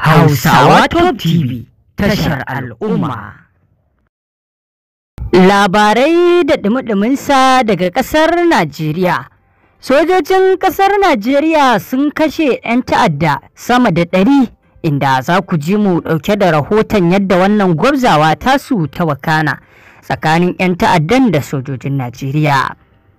Hausawa Top TV tashar al'umma. Labarai da ɗumi sa daga ƙasar Najeriya. Sojojin ƙasar Najeriya sun kashe 'yan ta'adda sama da ɗari inda za ku ji mu ɗauke da rahoton yadda wannan gwabzawa tasu ta wakana tsakanin 'yan ta'addan da sojojin Najeriya.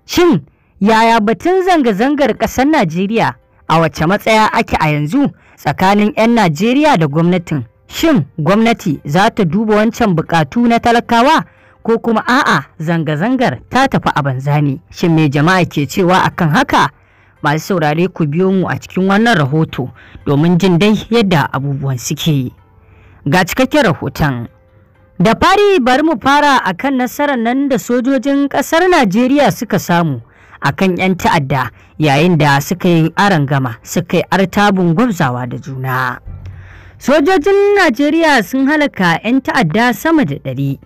Shin yaya batun zanga-zangar ƙasar Najeriya a wace matsaya ake a yanzu? tsakanin 'yan Najeriya da gwamnatin. Shin gwamnati za ta duba wancan bukatu na talakawa ko kuma a'a zanga-zangar ta tafi a banza ne? Shin mai jama'a ke cewa akan haka? Masu saurare ku biyo mu a cikin wannan rahoto domin jin dai yadda abubuwan suke. yi. Ga cikakken rahoton. Da fari bari mu fara akan nasarar nan da sojojin ƙasar Najeriya suka samu akan 'yan ta'adda yayin da suka yi arangama suka yi artabun gwabzawa da juna. Sojojin Najeriya sun halaka 'yan ta'adda sama da ɗari.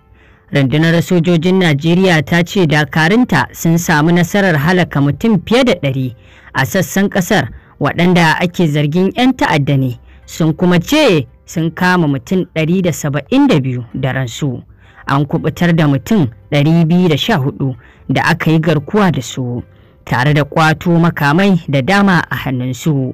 Rundunar sojojin Najeriya ta ce dakarunta sun samu nasarar halaka mutum fiye da ɗari a sassan ƙasar waɗanda ake zargin 'yan ta'adda ne sun kuma ce sun kama mutum 172 da ransu. an kubutar da mutum 214 da aka yi garkuwa da su tare da kwato makamai da dama a hannunsu.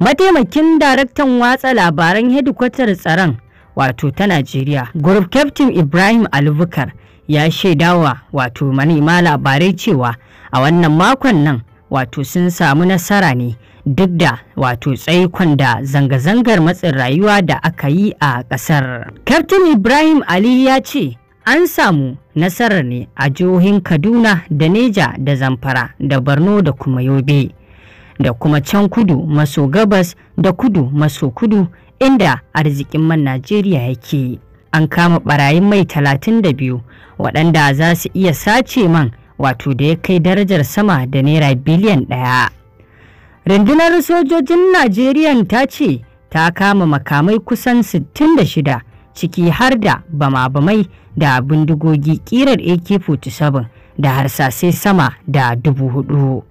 Mataimakin daraktan watsa labaran hedikwatar tsaron wato ta Najeriya, Group Captain Ibrahim Alubukar ya shaidawa wato manema labarai cewa a wannan makon nan wato sun samu nasara ne duk da wato tsaikon da zanga-zangar matsin rayuwa da aka yi a ƙasar. Kyaftin Ibrahim Ali ya ce an samu nasarar ne a jihohin Kaduna da Neja da Zamfara da Borno da kuma Yobe da kuma can kudu maso gabas da kudu maso kudu inda arzikin man Najeriya yake. An kama barayin mai talatin da biyu waɗanda za su iya sace man wato da ya kai darajar sama da naira biliyan ɗaya. rundunar sojojin najeriya ta ce ta kama makamai kusan 66 ciki har da bama-bamai da bindigogi kirar ak-47 da harsasai sama da dubu hudu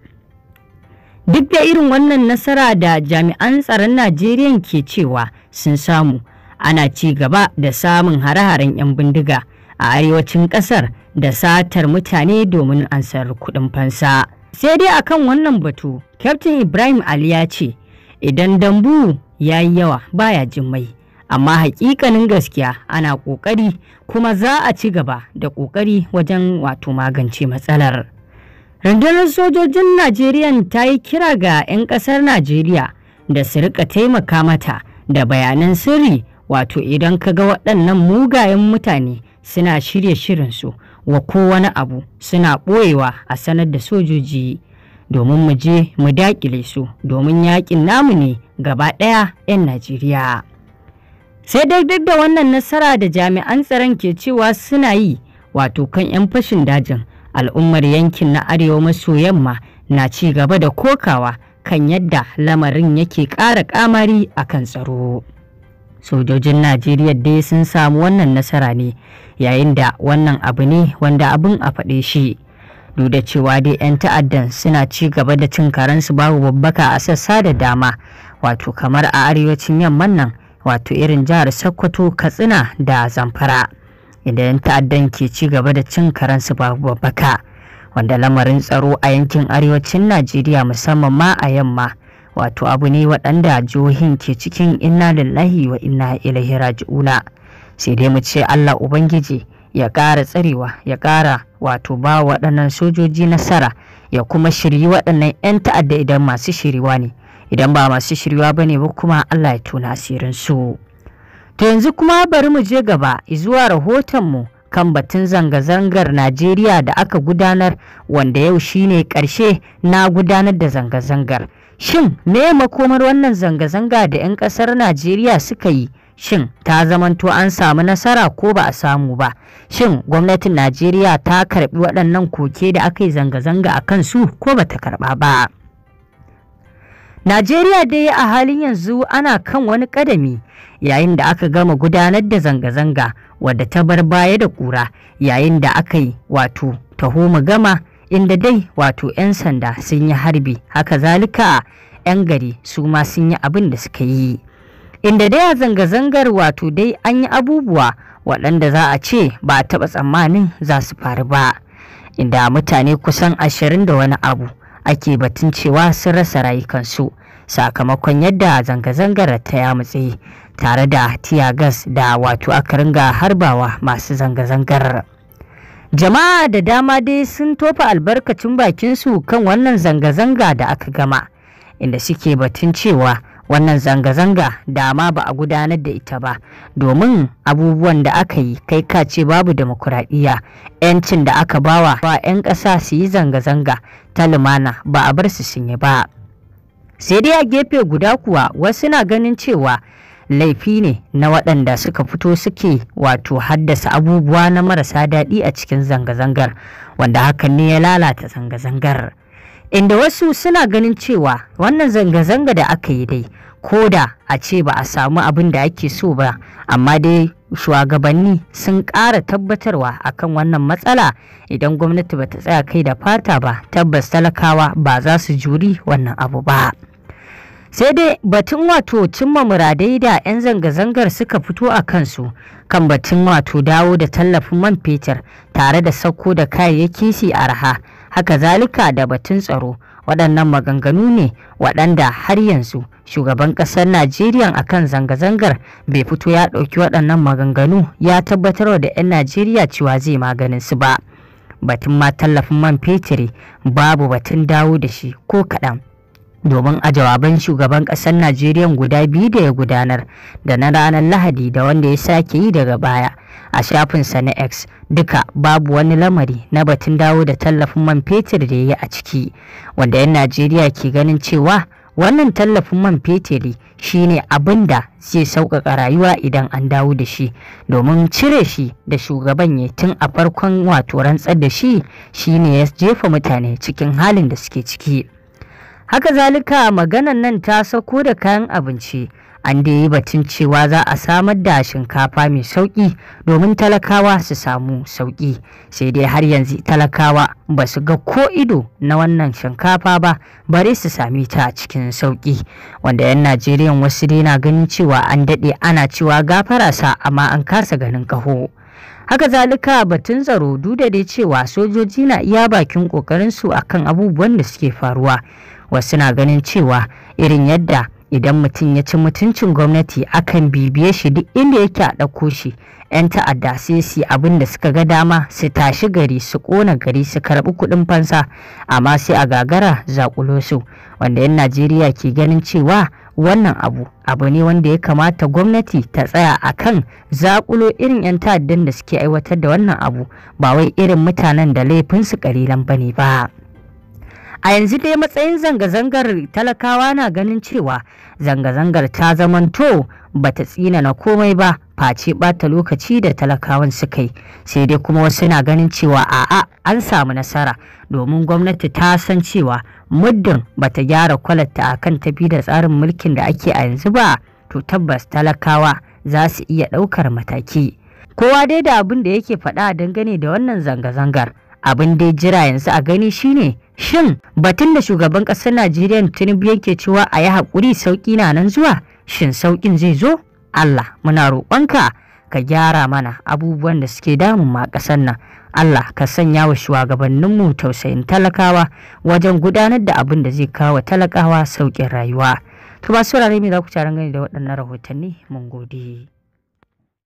duk da irin wannan nasara da jami'an tsaron najeriya ke cewa sun samu ana ci gaba da samun hare-haren 'yan bindiga a arewacin ƙasar da satar mutane domin ansar kudin fansa. Sai dai a kan wannan batu, Kyaftin Ibrahim Ali ya ce, idan dambu ya yi yawa baya jin mai. amma hakikanin gaskiya ana ƙoƙari kuma za a ci gaba da ƙoƙari wajen wato magance matsalar. Rundunar sojojin Najeriya ta yi kira ga 'yan ƙasar Najeriya da su rika taimaka mata da bayanan sirri wato idan ka ga waɗannan mugayen mutane suna shirya shirinsu wa kowane abu suna ɓoyewa a sanar da sojoji domin mu je mu daƙile su domin yaƙin namu ne gaba ɗaya 'yan Najeriya. Sai dai duk da wannan nasara da jami'an tsaron ke cewa suna yi wato kan 'yan fashin dajin al'ummar yankin na arewa maso yamma na ci gaba da kokawa kan yadda lamarin yake ƙara ƙamari a kan tsaro. Sojojin Najeriya dai sun samu wannan nasara ne yayin da wannan abu ne wanda abin a faɗe shi duk da cewa dai 'yan ta'addan suna ci gaba da cin karensu babu babbaka a sassa da dama wato kamar a arewacin yamman nan wato irin jihar sokoto katsina da zamfara idan 'yan ta'addan ke ci gaba da cin karensu babu babbaka wanda lamarin tsaro a yankin arewacin najeriya musamman ma a yamma wato abu ne waɗanda jihohin ke cikin inna lillahi wa inna ilaihi raji'una sai dai mu ce Allah Ubangiji ya ƙara tsarewa ya ƙara wato ba waɗannan sojoji nasara ya kuma shiryi waɗannan 'yan ta'adda idan masu shiriwa ne idan ba masu shiriwa ba ne ba kuma Allah ya tuna asirin su. To yanzu kuma bari mu je gaba zuwa rahotonmu kan batun zanga-zangar Najeriya da aka gudanar wanda yau shine ƙarshe na gudanar da zanga-zangar. Shin me makomar wannan zanga-zanga da 'yan ƙasar Najeriya suka yi shin ta zamanto an samu nasara ko ba a samu ba shin gwamnatin najeriya ta karbi waɗannan koke da aka yi zanga-zanga a kansu ko ba ta karba ba najeriya dai a halin yanzu ana kan wani ƙadami yayin da aka gama gudanar da zanga-zanga wadda ta bar baya da ƙura yayin da aka yi wato taho mu gama inda dai wato 'yan sanda sun yi harbi haka zalika 'yan gari su ma sun yi abin da suka yi inda dai a zanga-zangar wato dai an yi abubuwa waɗanda za a ce ba a taɓa tsammanin za su faru ba inda mutane kusan ashirin da wani abu ake batun cewa sun rasa rayukansu sakamakon yadda zanga-zangar ta yamutse tare da tiyagas da wato aka ringa harbawa masu zanga-zangar jama'a da dama dai sun tofa albarkacin bakinsu kan wannan zanga-zanga da aka gama inda suke batun cewa wannan zanga-zanga da ma ba a gudanar da ita ba domin abubuwan da aka yi kai ka ce babu demokuraɗiyya 'yancin da aka bawa ba 'yan ƙasa su yi zanga-zanga ta lumana ba a bar su sun yi ba sai dai a gefe guda kuwa wasu na ganin cewa laifi ne na waɗanda suka fito suke wato haddasa abubuwa na marasa daɗi a cikin zanga-zangar wanda hakan ne ya lalata zanga-zangar. inda wasu suna ganin cewa wannan zanga-zanga da aka yi dai ko da a ce ba a samu abin da ake so ba amma dai shugabanni sun ƙara tabbatarwa akan wannan matsala idan gwamnati ba ta tsaya kai da fata ba tabbas talakawa ba za su juri wannan abu ba sai dai batun wato cimma muradai da 'yan zanga-zangar suka fito a kansu kan batun wato dawo da tallafin man fetur tare da sauko da kayayyakin shi arha haka zalika da batun tsaro waɗannan maganganu ne waɗanda har yanzu shugaban ƙasar najeriya akan zanga-zangar bai fito ya ɗauki waɗannan maganganu ya tabbatar da 'yan najeriya cewa zai maganin su ba batun ma tallafin man fetur babu batun dawo da shi ko kaɗan domin a jawaban shugaban ƙasar najeriya guda biyu da ya gudanar da na ranar lahadi da wanda ya sake yi daga baya a shafinsa na X duka babu wani lamari na batun dawo da tallafin man fetur da ya yi a ciki wanda 'yan Najeriya ke ganin cewa wannan tallafin man fetiri shine abin da zai sauƙaƙa rayuwa idan an dawo da shi domin cire shi da shugaban ya tun a farkon wato rantsar da shi shine ya jefa mutane cikin halin da suke ciki. haka zalika maganan nan ta sauko da kayan abinci an da yi batun cewa za a samar da shinkafa mai sauƙi domin talakawa su samu sauƙi sai dai har yanzu talakawa ba su ga ko ido na wannan shinkafa ba bare su sami ta cikin sauƙi wanda 'yan najeriya wasu dai na ganin cewa an daɗe ana cewa gafara sa amma an kasa ganin ƙaho haka zalika batun tsaro duk da dai cewa sojoji na iya bakin kokarin su akan abubuwan da suke faruwa wasu na ganin cewa irin yadda idan mutum ya ci mutuncin gwamnati akan bibiye shi duk inda yake a ɗauko shi 'yan ta'adda sai su abin da suka ga dama su tashi gari su ƙona gari su karɓi kuɗin fansa amma sai a gagara zaƙulo su wanda 'yan najeriya ke ganin cewa wannan abu abu ne wanda ya kamata gwamnati ta tsaya a kan zakulo irin 'yan ta'addan da suke aiwatar da wannan abu ba wai irin mutanen da laifinsu ƙalilan ba ne ba a yanzu dai matsayin zanga-zangar talakawa na ganin cewa zanga-zangar ta zamanto ba ta tsina na komai ba face ɓata lokaci da talakawan suka yi sai dai kuma wasu na ganin cewa a'a an samu nasara domin gwamnati ta san cewa muddin ba ta gyara kwalata a kan tafi da tsarin mulkin da ake a yanzu ba to tabbas talakawa za su iya ɗaukar mataki kowa dai da abin da yake faɗa dangane da wannan zanga-zangar abin dai jira yanzu a gani shine shin batun da shugaban ƙasar najeriya tinubu yake cewa a yi haƙuri sauƙi na nan zuwa shin sauƙin zai zo allah muna roƙonka ka gyara mana abubuwan da suke damun ma ƙasar nan allah ka sanya wa shugabanninmu tausayin talakawa wajen gudanar da abin da zai kawo talakawa sauƙin rayuwa to ba saurare me za ku taron gani da waɗannan rahotanni mun gode